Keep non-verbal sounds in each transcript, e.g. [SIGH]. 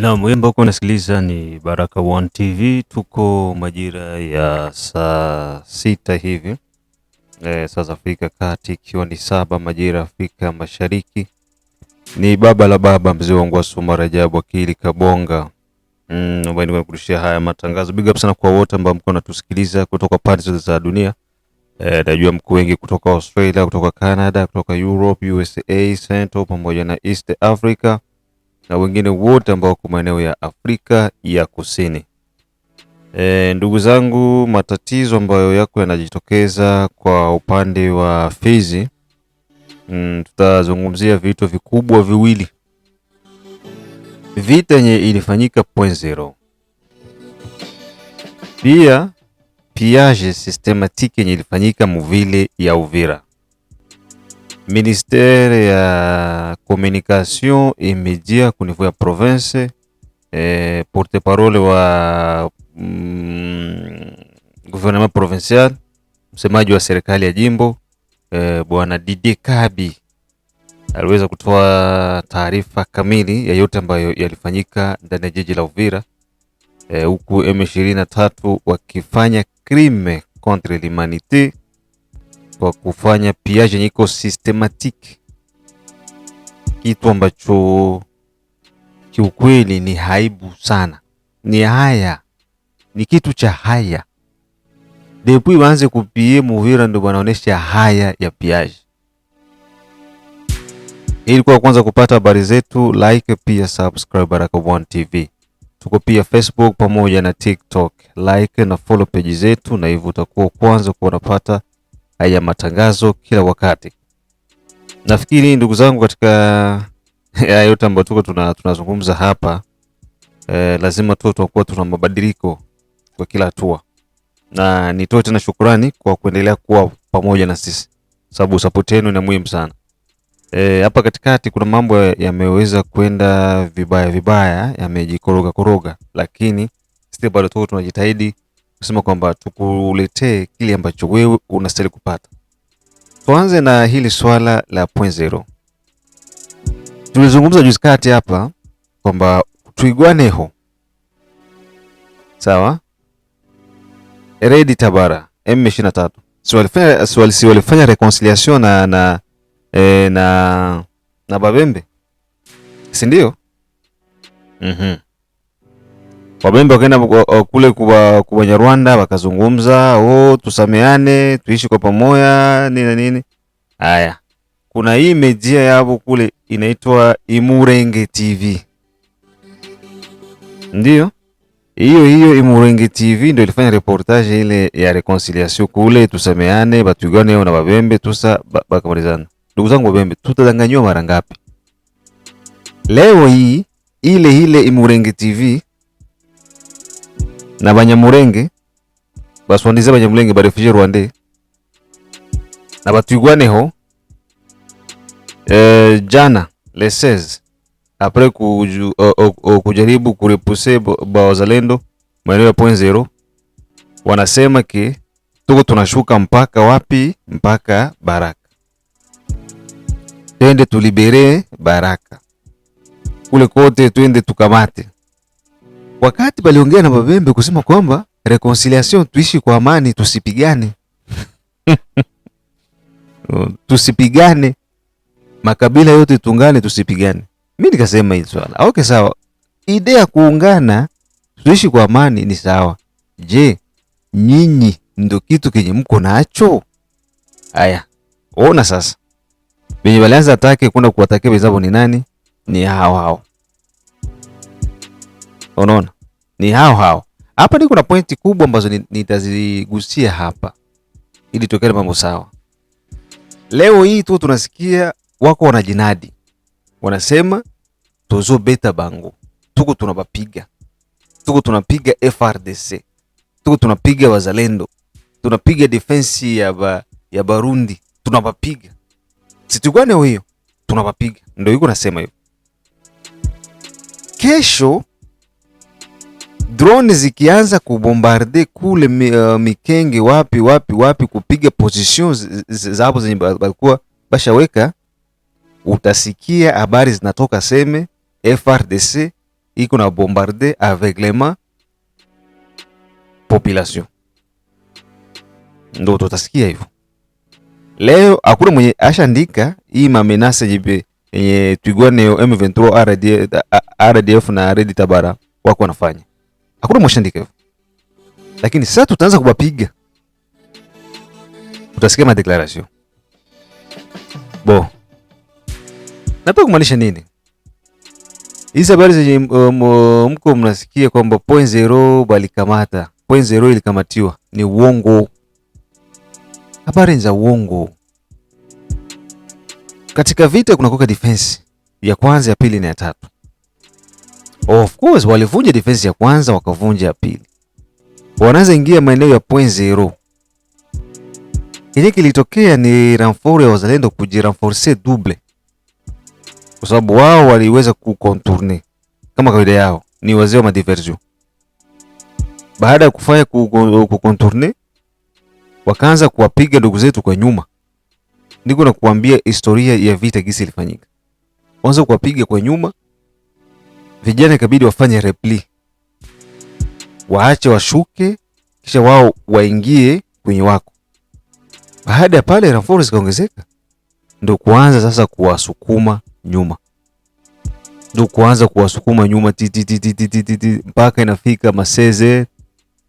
Naam, wimbo ambao unasikiliza ni Baraka One TV. Tuko majira ya saa sita hivi e, saa za Afrika Kati ikiwa ni saba majira ya Afrika Mashariki. Ni baba la baba mzee wangu wa Suma Rajabu Akili Kabonga ambaye mm, kurushia haya matangazo. Big up sana kwa wote ambao mko natusikiliza kutoka pande zote za dunia. E, najua mko wengi kutoka Australia, kutoka Canada, kutoka Europe, USA, Central pamoja na East Africa na wengine wote ambao wako maeneo ya Afrika ya Kusini. E, ndugu zangu, matatizo ambayo yako yanajitokeza kwa upande wa Fizi mm, tutazungumzia vitu vikubwa viwili, vita yenye ilifanyika point zero, pia piage systematique yenye ilifanyika muvile ya Uvira Ministere ya communication et media ku niveau ya province eh, porte parole wa mm, gouvernement provincial, msemaji wa serikali ya jimbo eh, bwana Didi Kabi aliweza kutoa taarifa kamili ya yote ambayo yalifanyika ndani ya jiji la Uvira eh, huku eh, M23 wakifanya crime contre l'humanité kwa kufanya piage yenye iko systematique, kitu ambacho kiukweli ni haibu sana, ni haya, ni kitu cha haya. Depuis waanze kupie Muvira ndio wanaonesha haya ya piage. kwa kwanza kupata habari zetu, like pia subscribe Baraka One TV. Tuko pia Facebook pamoja na TikTok, like na follow page zetu, na hivyo utakuwa kwanza kuwa unapata haya matangazo kila wakati. Nafikiri ndugu zangu, katika [LAUGHS] haya yote ambayo tuko tunazungumza hapa e, lazima tu tutakuwa tuna mabadiliko kwa kila hatua, na nitoe tena shukrani kwa kuendelea kuwa pamoja na sisi, sababu support yenu ni muhimu sana. E, hapa katikati kuna mambo yameweza kwenda vibaya vibaya, yamejikoroga koroga, lakini sisi bado tuko tunajitahidi kusema kwamba tukuletee kile ambacho wewe unastahili kupata. Tuanze na hili swala la point zero. Tulizungumza juzi kati hapa kwamba tuigwaneho sawa, Redi Tabara M23 si walifanya reconciliation na na, e, na na Babembe si ndio? mm -hmm. Wabembe wakaenda eh, kule kwa Wanyarwanda wakazungumza, oh, tusameane tuishi kwa pamoja nini na nini. Haya, kuna hii media yao kule inaitwa Imurenge TV, ndio hiyo hiyo Imurenge TV ndio ilifanya reportage ile ya reconciliation kule, tusameane batugane na Wabembe tusa bakamalizana. Ndugu zangu Wabembe, tutadanganywa mara ngapi? Leo hii ile ile Imurenge TV na banyamurenge basondize ba barefugie rwande na batwigwaneho eh, jana leses apre apres kujaribu kurepuse bawazalendo maeneo ya point zero, wanasema ke tuko tunashuka mpaka wapi? Mpaka Baraka, twende tulibere Baraka kule kote, twende tukamate wakati baliongea na Babembe kusema kwamba reconciliation, tuishi kwa amani, tusipigane [LAUGHS] oh, tusipigane, makabila yote tuungane, tusipigane. Mi nikasema hili swala okay, sawa, idea ya kuungana, tuishi kwa amani ni sawa. Je, nyinyi ndo kitu kenye mko nacho? Haya, ona sasa, venye walianza atake kwenda kuwatakia wenzavo ni nani? Ni hao hao. Unaona, ni hao hao hapa. Ni kuna pointi kubwa ambazo nitazigusia hapa ili tuwekane mambo sawa. Leo hii tu tunasikia wako wanajinadi, wanasema tozo beta bango, tuko tunabapiga, tuko tunapiga FRDC, tuko tunapiga wazalendo, tunapiga defensi ya, ba, ya Barundi, tunabapiga situkuwa leo hiyo tunawapiga ndio yuko nasema hiyo Kesho drone zikianza kubombarde kule uh, Mikenge wapi wapi wapi, kupiga position zao zenye balikuwa bashaweka, utasikia habari zinatoka seme FRDC iko na bombarde aveglema population, ndo tutasikia hivyo. Leo akuna mwenye ashandika hii mamenase jibe yenye twigwaneo M23 RDF na Redi Tabara wako wanafanya hakuna mwashandika hivyo, lakini sasa tutaanza kuwapiga, utasikia declaration bo. Nataka kumaanisha nini? Hizi habari zenye mko mnasikia kwamba point zero balikamata, point zero ilikamatiwa ni uongo. Habari za uongo. Katika vita kuna kuka defense ya kwanza, ya pili na ya tatu. Of course walivunja defense ya kwanza wakavunja ya pili, wanaanza ingia maeneo ya Point Zero. Kile kilitokea ni renfort ya wazalendo kujirenforcer double, kwa sababu wao waliweza kucontourne kama kawaida yao, ni wazee wa madiversion. Baada ya kufanya kucontourne, wakaanza kuwapiga ndugu zetu kwa nyuma. Ndiko nakuambia historia ya vita gisi ilifanyika, wanza kuwapiga kwa nyuma vijana ikabidi wafanye repli, waache washuke, kisha wao waingie kwenye wako. Baada ya pale ranforo zikaongezeka, ndo kuanza sasa kuwasukuma nyuma, ndo kuanza kuwasukuma nyuma titititititi mpaka inafika maseze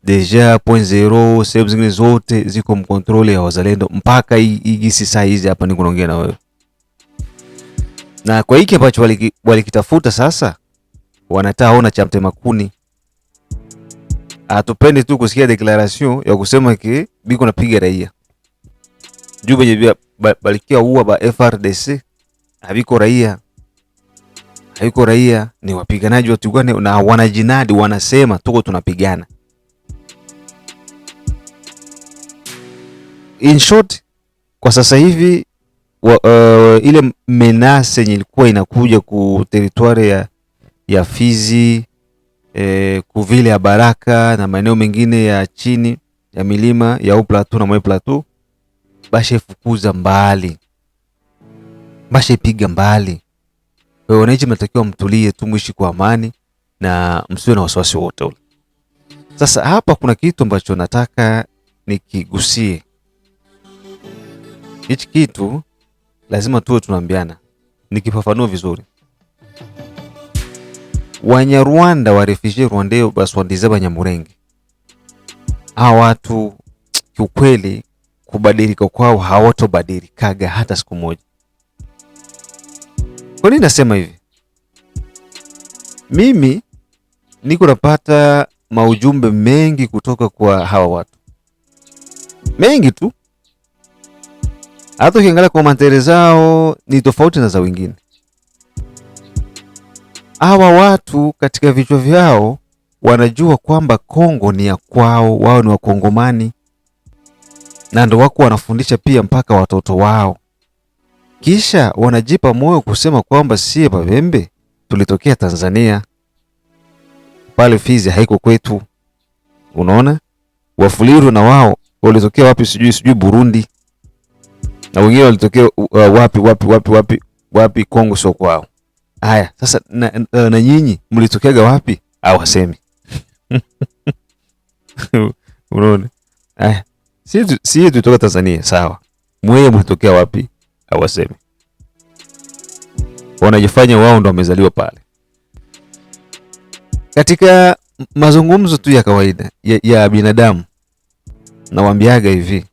deja point zero. Sehemu zingine zote ziko mkontrole ya wazalendo mpaka igisi saa hizi hapa niko na wewe, na kwa hiki ambacho walikitafuta waliki sasa wanataa ona chapte makuni. Hatupendi tu kusikia declaration ya kusema ki biko napiga raia juu benye balikia uwa ba FRDC habiko raia haiko raia, ni wapiganaji watugane na wanajinadi wanasema tuko tunapigana. In short, kwa sasa hivi wa, uh, ile menase yenye ilikuwa inakuja ku teritwari ya ya Fizi e, Kuvile ya Baraka na maeneo mengine ya chini ya milima ya uplatu na mweplatu, bashefukuza mbali, bashepiga mbali. Kwa hiyo wananchi mnatakiwa mtulie tu, mwishi kwa amani na msiwe na wasiwasi wote ule. Sasa hapa kuna kitu ambacho nataka nikigusie. Hichi kitu lazima tuwe tunaambiana, nikifafanua vizuri Wanyarwanda wa refugee rwandayo baswandize Banyamurenge. Hawa watu kiukweli, kubadilika kwao hawatobadilikaga hata siku moja. Kwa nini nasema hivi? Mimi niko napata maujumbe mengi kutoka kwa hawa watu mengi tu, hata ukiangalia komanteri zao ni tofauti na za wengine hawa watu katika vichwa vyao wanajua kwamba Kongo ni ya kwao, wao ni Wakongomani, na ndio wako wanafundisha pia mpaka watoto wao, kisha wanajipa moyo kusema kwamba sie Babembe tulitokea Tanzania, pale Fizi haiko kwetu. Unaona, Wafuliru na wao walitokea wapi? Sijui, sijui Burundi, na wengine walitokea uh, wapi wapi wapi wapi wapi, Kongo sio kwao. Haya sasa, na, na, na nyinyi mlitokeaga wapi? Au wasemi [LAUGHS] unaona? Haya, si tutoka Tanzania sawa, mweye mlitokea wapi? Au wasemi wanajifanya wao ndo wamezaliwa pale. Katika mazungumzo tu ya kawaida ya, ya binadamu nawambiaga hivi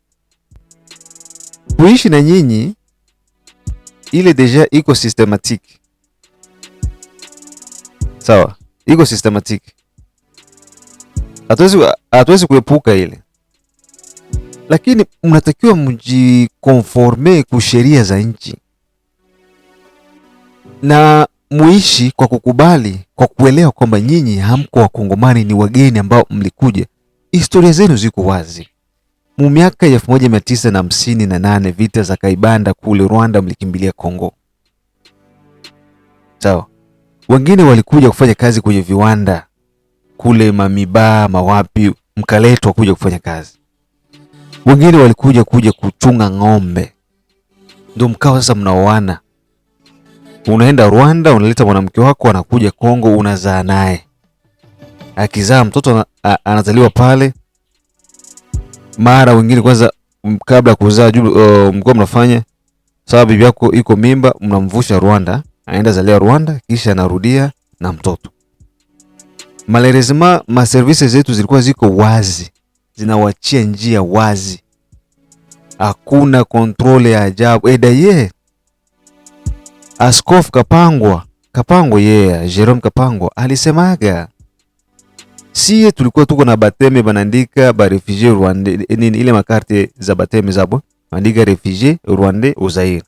kuishi na nyinyi ile deja iko systematic sawa, iko systematic, hatuwezi hatuwezi kuepuka ile, lakini mnatakiwa mjikonforme ku sheria za nchi na muishi kwa kukubali, kwa kuelewa kwamba nyinyi hamko Wakongomani, ni wageni ambao mlikuja. Historia zenu ziko wazi. Mu miaka ya elfu moja mia tisa na hamsini na nane vita za Kaibanda kule Rwanda, mlikimbilia Kongo, sawa so. Wengine walikuja kufanya kazi kwenye viwanda kule mamibaa mawapi, mkaletwa kuja kufanya kazi. Wengine walikuja kuja kuchunga ng'ombe, ndio mkawa sasa mnaoana. Unaenda Rwanda unaleta mwanamke wako, anakuja Kongo unazaa naye, akizaa mtoto anazaliwa pale. Mara wengine kwanza, kabla ya kuzaa, uh, mlikuwa mnafanya sababu bibi yako iko mimba, mnamvusha Rwanda anaenda zalia Rwanda kisha anarudia na mtoto. Malerezima ma services zetu zilikuwa ziko wazi, zinawachia njia wazi, hakuna control ya ajabu. Eda eh, ye Askofu Kapangwa Kapango yeye yeah, Jerome Kapango alisemaga siye tulikuwa tuko na bateme banandika ba refugee Rwanda ile makarte za bateme zabo bandika refugee Rwanda Uzaire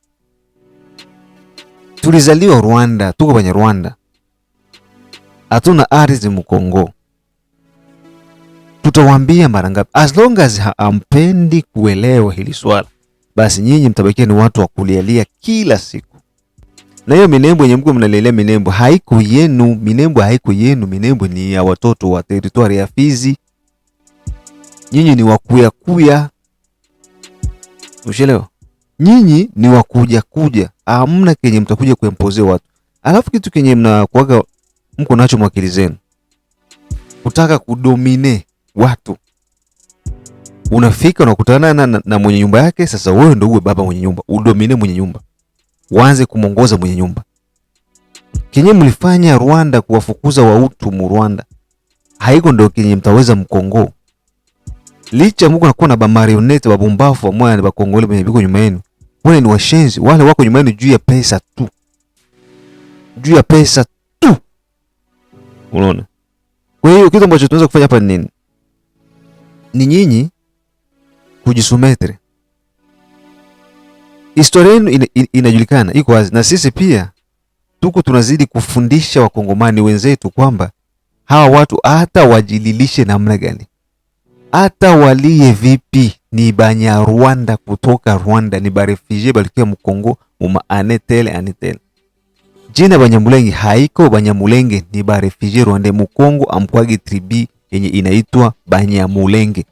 tulizaliwa Rwanda, tuko kwenye Rwanda, hatuna ardhi Mkongo. Tutawambia mara ngapi? As long as hampendi kuelewa hili swala, basi nyinyi mtabakia ni watu wa kulialia kila siku, na hiyo minembo yenye mko mnalialia minembo haiko yenu, minembo haiko yenu, minembo ni ya watoto wa teritwari ya Fizi. Nyinyi ni wakuyakuya, ushelewa nyinyi ni wakuja kuja, hamna kenye mtakuja kuempozea watu. Alafu kitu kenye mnakuaga mko nacho mwakili zenu, kutaka kudomine watu. Unafika unakutana na, na, na mwenye nyumba yake. Sasa wewe ndio uwe baba mwenye nyumba, udomine mwenye nyumba, uanze kumongoza mwenye nyumba. Kenye mlifanya Rwanda kuwafukuza wautu mu Rwanda, haiko ndio kenye mtaweza mkongo licha mko nakuwa na bamarionete babumbafu amwaya ni bakongole benye biko nyuma yenu wale ni washenzi, wale wako nyuma yenu juu ya pesa tu, juu ya pesa tu, unaona. Kwa hiyo kitu ambacho tunaweza kufanya hapa ni nini? Ni nyinyi kujisumetre. Historia yenu in, in, inajulikana, iko wazi, na sisi pia tuko tunazidi kufundisha wakongomani wenzetu kwamba hawa watu hata wajililishe namna gani, hata walie vipi ni banya Rwanda kutoka Rwanda, ni ba refugee barefugee balikia Mkongo muma anetele anetele. Jina Banyamulenge haiko, Banyamulenge ni ba refugee Rwanda. Mkongo amkwagi tribi yenye inaitwa Banyamulenge.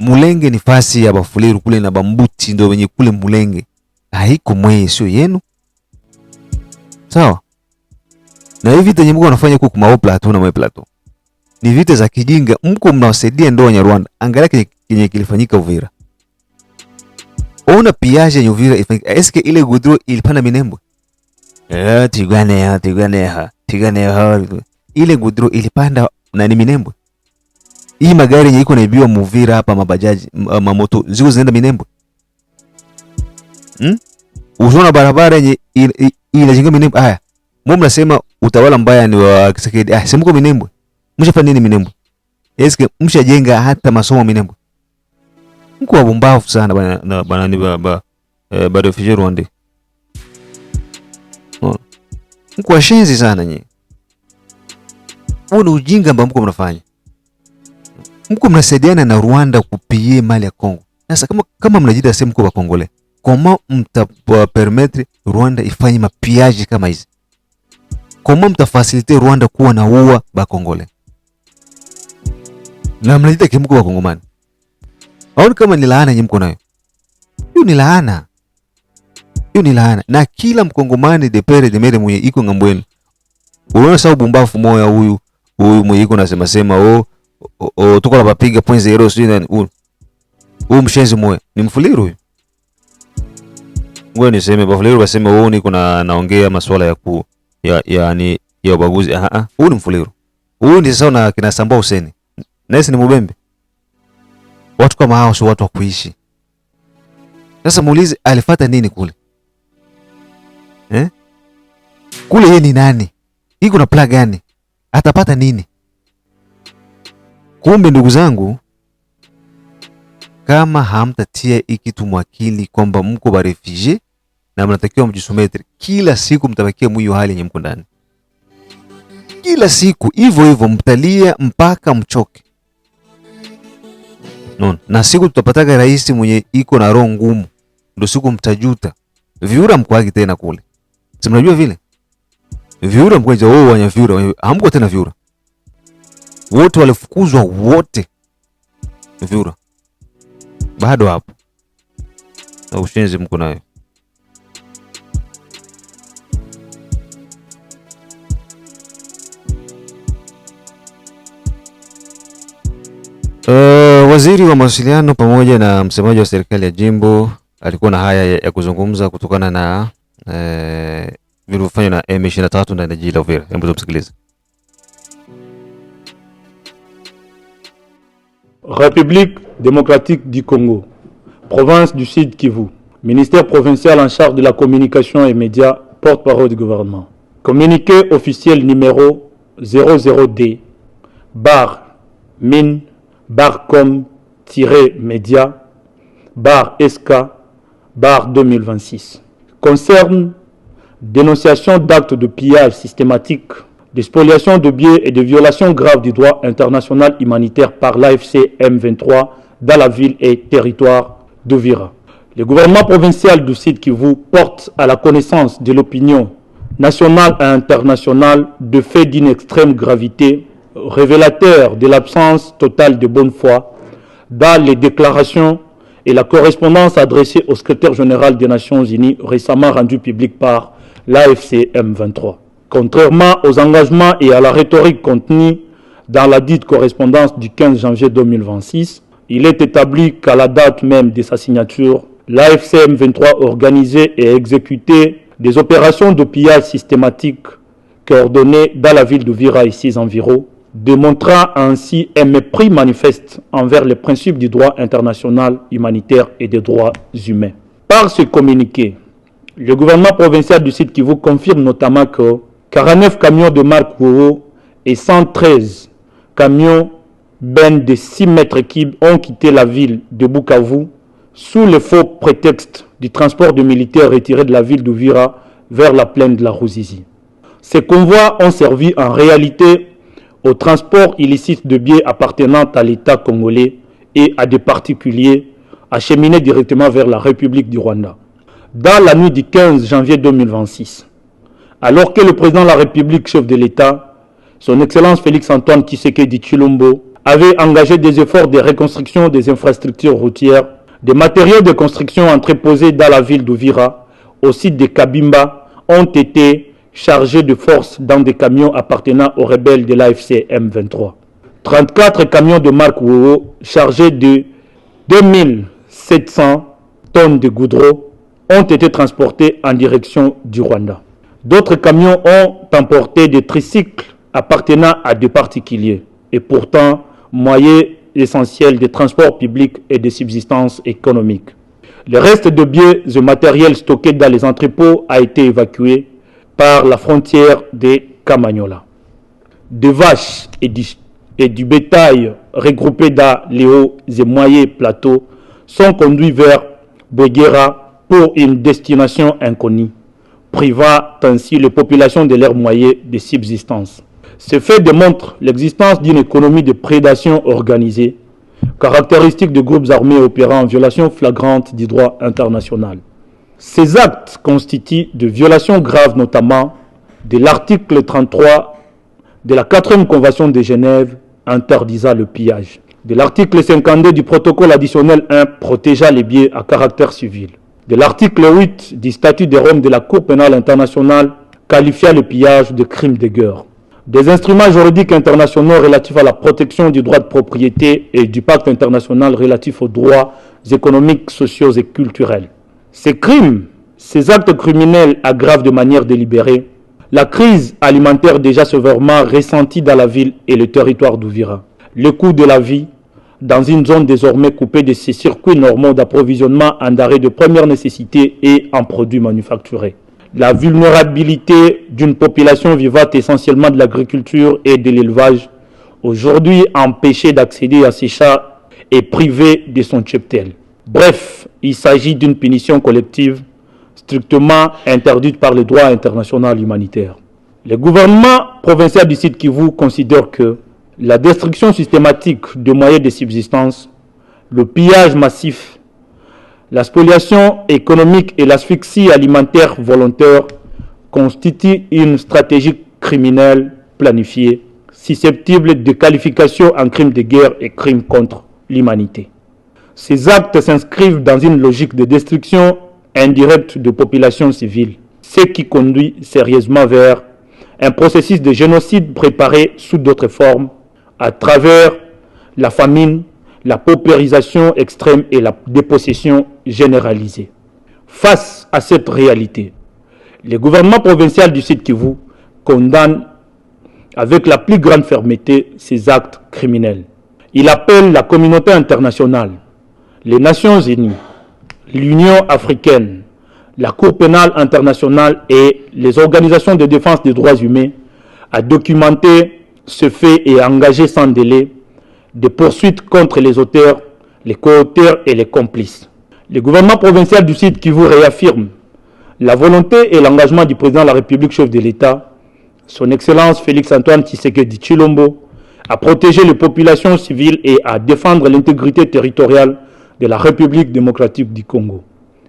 Mulenge ni fasi ya Bafuliru kule na Bambuti, ndio wenye kule Mulenge. Haiko mweye, sio yenu, sawa So, na hivi vita mko wanafanya kuku mao plateau na mwe plateau ni vita za kijinga, mko mnawasaidia ndo Wanyarwanda. Angalia yenye kilifanyika Uvira. Ona piaje yenye Uvira ifanyika. Eske ile gudro ilipanda Minembwe? Eh, tigane ya, tigane ya, tigane ya. Ile gudro ilipanda na ni Minembwe. Hii magari yenye iko naibiwa Muvira hapa mabajaji, mamoto ziko zinaenda Minembwe. Hmm? Unaona barabara yenye inajenga Minembwe. Aya. Mimi mnasema utawala mbaya ni wa Kisekedi. Ah, simuko Minembwe. Mshafanya nini Minembwe? Eske mshajenga hata masomo Minembwe? mko wabumbavu sana bana bana baba ba eh, bado fijeru ande mko oh. washenzi sana nyinyi. Huo ni ujinga ambao mko mnafanya, mko mnasaidiana na Rwanda kupie mali ya Kongo. Sasa kama kama mnajida sema mko bakongole koma mtapermettre Rwanda ifanye mapiaji kama hizi, koma mtafasilite Rwanda kuwa na ba bakongole na mnajita kimko bakongomani Haoni kama ni laana yenye mko nayo? Hiyo ni laana, hiyo ni laana. Na kila mkongomani de pere de mere mwenye iko ngambweni. unaona sababu bumbafu moya huyu huyu mwenye iko nasema sema oh, oh, oh tuko napapiga point zero sio nani huyu huyu mshenzi moya ni mfuliru huyu. Ngoja niseme bafuliru waseme wewe oh, niko na naongea masuala ya ku ya yani ya ubaguzi. Ah ah, huyu ni mfuliru huyu, ni sasa na kina useni. Na na ni mubembe Watu kama hao sio watu wa kuishi. Sasa muulize alifata nini kule eh? Kule yeye ni nani? Hii kuna plan gani? Atapata nini? Kumbe ndugu zangu, kama hamtatia hii kitu mwakili kwamba mko refugee na mnatakiwa mjisumetri kila siku, mtabakia mwiyo hali yenye mko ndani kila siku, hivyo hivyo mtalia mpaka mchoke. Unaona? Na siku tutapataka rais mwenye iko na roho ngumu, ndio siku mtajuta. Viura mkwagi tena kule. Si mnajua vile? Viura mkwaje wao wanya viura, hamko tena viura. Wote walifukuzwa wote. Viura. Bado hapo. Na ushenzi mko nayo. République démocratique du Congo, province du Sud Kivu, ministère provincial en charge de la communication et médias, porte-parole du gouvernement. Communiqué officiel numéro 00D, barre, mine, barcom-media, bar SK, bar 2026, concerne dénonciation d'actes de pillage systématique, de spoliation de biais et de violations graves du droit international humanitaire par l'AFC M23 dans la ville et territoire de Vira. Le gouvernement provincial du site qui vous porte à la connaissance de l'opinion nationale et internationale de faits d'une extrême gravité révélateur de l'absence totale de bonne foi dans les déclarations et la correspondance adressée au secrétaire général des Nations Unies récemment rendue publique par lafcm 23 Contrairement aux engagements et à la rhétorique contenue dans la dite correspondance du 15 janvier 2026, il est établi qu'à la date même de sa signature, lafcm 23 organisait et exécutait des opérations de pillage systématique coordonnées dans la ville de Vira et ses environs, démontrant ainsi un mépris manifeste envers les principes du droit international humanitaire et des droits humains. Par ce communiqué, le gouvernement provincial du site Kivu confirme notamment que 49 camions de marque Woro et 113 camions Ben de 6 mètres cubes ont quitté la ville de Bukavu sous le faux prétexte du transport de militaires retirés de la ville d'Ouvira vers la plaine de la Rouzizi. Ces convois ont servi en réalité au transport illicite de biens appartenant à l'État congolais et à des particuliers acheminés directement vers la République du Rwanda. Dans la nuit du 15 janvier 2026, alors que le président de la République, chef de l'État, son Excellence Félix-Antoine Tshisekedi Chilombo, avait engagé des efforts de reconstruction des infrastructures routières, des matériaux de construction entreposés dans la ville d'Ouvira, au site de Kabimba, ont été chargés de force dans des camions appartenant aux rebelles de l'AFC M23. 34 camions de marque Wowo chargés de 2700 tonnes de goudreau ont été transportés en direction du Rwanda. D'autres camions ont emporté des tricycles appartenant à des particuliers et pourtant moyens essentiels des transports publics et de subsistance économique. Le reste de biais et matériel stocké dans les entrepôts a été évacué par la frontière des Camagnola. Des vaches et du, bétail regroupés dans les hauts et moyens plateaux sont conduits vers Beguera pour une destination inconnue, privant ainsi les populations de leurs moyens de subsistance. Ce fait démontre l'existence d'une économie de prédation organisée, caractéristique de groupes armés opérant en violation flagrante du droit international. Ces actes constituent de violations graves, notamment de l'article 33 de la 4e Convention de Genève interdisant le pillage, de l'article 52 du protocole additionnel 1 protégeant les biens à caractère civil, de l'article 8 du statut de Rome de la Cour pénale internationale qualifiant le pillage de crime de guerre, des instruments juridiques internationaux relatifs à la protection du droit de propriété et du pacte international relatif aux droits économiques, sociaux et culturels ces crimes, ces actes criminels aggravent de manière délibérée la crise alimentaire déjà sévèrement ressentie dans la ville et le territoire d'Ouvira. Le coût de la vie dans une zone désormais coupée de ses circuits normaux d'approvisionnement en arrêt de première nécessité et en produits manufacturés. La vulnérabilité d'une population vivante essentiellement de l'agriculture et de l'élevage, aujourd'hui empêchée d'accéder à ses chats et privée de son cheptel. Bref, il s'agit d'une punition collective strictement interdite par le droit international humanitaire. Le gouvernement provincial du site Kivu considère que la destruction systématique de moyens de subsistance, le pillage massif, la spoliation économique et l'asphyxie alimentaire volontaire constituent une stratégie criminelle planifiée, susceptible de qualification en crime de guerre et crime contre l'humanité. Ces actes s'inscrivent dans une logique de destruction indirecte de populations civiles, ce qui conduit sérieusement vers un processus de génocide préparé sous d'autres formes, à travers la famine, la paupérisation extrême et la dépossession généralisée. Face à cette réalité, le gouvernement provincial du Sud Kivu condamne avec la plus grande fermeté ces actes criminels. Il appelle la communauté internationale les Nations Unies, l'Union africaine, la Cour pénale internationale et les organisations de défense des droits humains a documenté ce fait et a engagé sans délai des poursuites contre les auteurs, les co-auteurs et les complices. Le gouvernement provincial du site qui vous réaffirme la volonté et l'engagement du président de la République, chef de l'État, son Excellence Félix-Antoine Tshisekedi Chilombo, à protéger les populations civiles et à défendre l'intégrité territoriale de la République démocratique du Congo.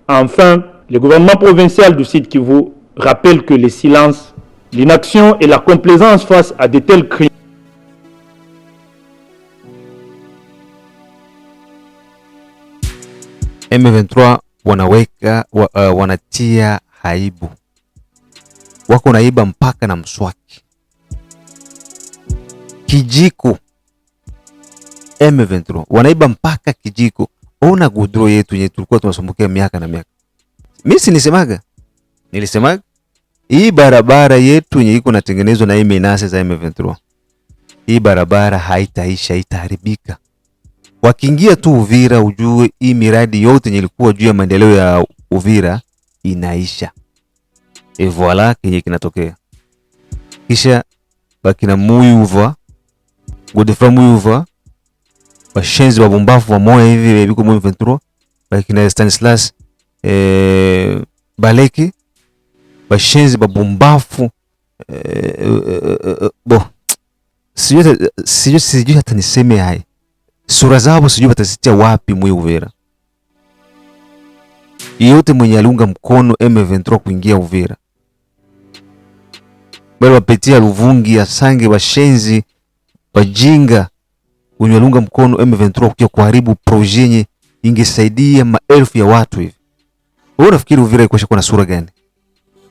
Enfin, le gouvernement provincial du Site Kivu rappelle que le silence, l'inaction et la complaisance face à de tels crimes M23 wanaweka wa, uh, wanatia haibu, wako naiba mpaka na mswaki, kijiko. M23 wanaiba mpaka kijiko. Ona gudro yetu yenye tulikuwa tunasumbukia miaka na miaka. Mimi si nisemaga, nilisemaga hii barabara yetu yenye iko natengenezwa na hii menase za M23, hii barabara haitaisha, itaharibika. Wakiingia tu Uvira, ujue hii miradi yote yenye ilikuwa juu ya maendeleo ya Uvira inaisha. Et voilà kenye kinatokea kisha bakina muyuva godefra muyuva bashenzi wa moyo hivi bebiko eh, mu 23 bakina Stanislas eh, Baleki bashenzi babumbafu eh eh, eh, eh, eh, bo sijui sijui sijui hata niseme hai sura zao sijui watazitia wapi mwe Uvira. Yote mwenye aliunga mkono M23 kuingia Uvira bali wapetia Luvungi, Asange, bashenzi bajinga wenye walunga mkono M23 kuja kuharibu proje yenye ingesaidia maelfu ya watu hivi. Wewe unafikiri Uvira iko kuwa na sura gani?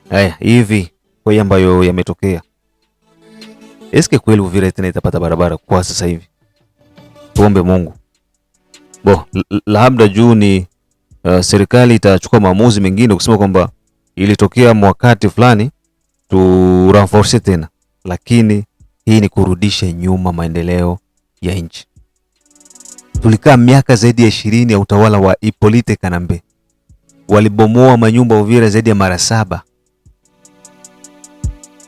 Haya, hivi kwa hiyo ambayo yametokea. Eske kweli Uvira tena itapata barabara kwa sasa hivi? Tuombe Mungu. Bo, labda juu ni uh, serikali itachukua maamuzi mengine kusema kwamba ilitokea mwakati fulani tu renforce tena, lakini hii ni kurudisha nyuma maendeleo ya nchi. Tulikaa miaka zaidi ya ishirini ya utawala wa Ipolite Kanambe. Walibomoa manyumba Uvira zaidi ya mara saba.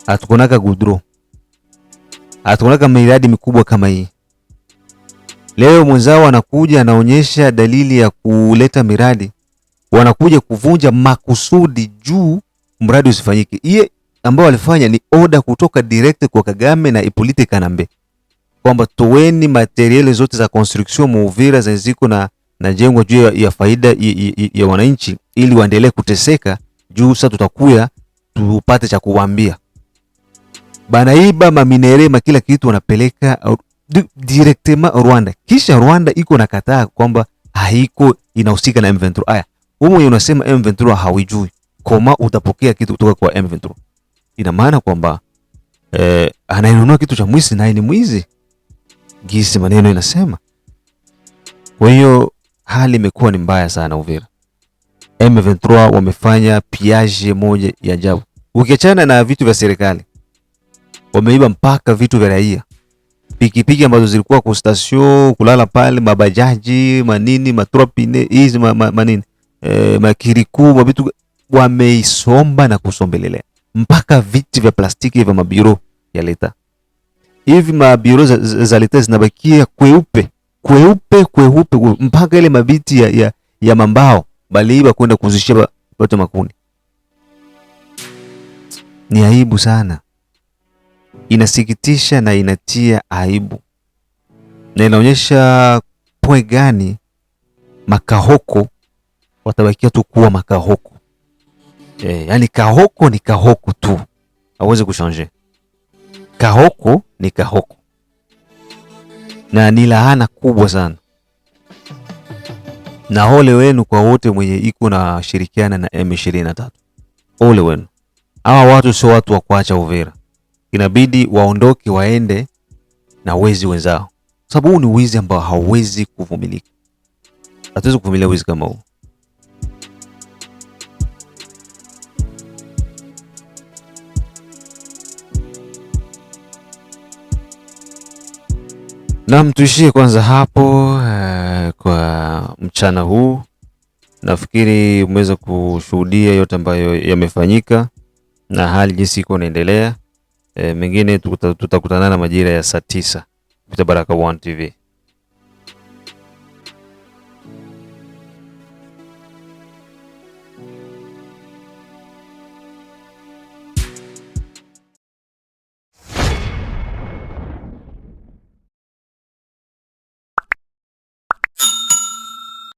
Hatukunaka gudro, hatukunaka miradi mikubwa kama hii. Leo mwenzao anakuja anaonyesha dalili ya kuleta miradi, wanakuja kuvunja makusudi juu mradi usifanyike. Iye ambao walifanya ni oda kutoka direct kwa Kagame na Ipolite Kanambe kwamba toweni materiali zote za construction muuvira zenye ziko na na jengo juu ya, ya faida ya, ya, ya wananchi ili waendelee kuteseka juu sasa tutakuya tupate cha kuwaambia. Banaiba maminere ma kila kitu wanapeleka directement Rwanda, kisha Rwanda iko na kataa kwamba haiko inahusika na M23. haya wewe unasema M23 hawajui koma utapokea kitu kutoka kwa M23, ina maana kwamba eh, anainunua kitu cha mwizi na ni mwizi jinsi maneno inasema. Kwa hiyo hali imekuwa ni mbaya sana Uvira. M23 wamefanya piaje moja ya ajabu, ukiachana na vitu vya serikali, wameiba mpaka vitu vya raia, pikipiki ambazo zilikuwa kwa station kulala pale, mabajaji manini, matropine hizi ma, ma, manini e, makiriku mabitu wameisomba na kusombelelea mpaka viti vya plastiki vya mabiro ya leta hivi mabiro za, za leta zinabakia kweupe kweupe kweupe mpaka ile mabiti ya, ya, ya mambao baliiba kwenda kuzishia watu makuni Ni aibu sana, inasikitisha na inatia aibu na inaonyesha poe gani makahoko watabakia tu kuwa makahoko. E, yani kahoko ni kahoko tu, hawezi kushanje. Kahoko ni Kahoko na ni laana kubwa sana, na ole wenu kwa wote mwenye iko na shirikiana na M23. Ole wenu, hawa watu sio watu wa kuacha Uvira, inabidi waondoke waende na wezi wenzao, sababu huu ni wizi ambao hauwezi kuvumilika. Hatuwezi kuvumilia wizi kama huu. Naam, tuishie kwanza hapo uh, kwa mchana huu nafikiri umeweza kushuhudia yote ambayo yamefanyika na hali jinsi iko inaendelea. E, mengine tutakutana na majira ya saa tisa kupita Baraka1 TV.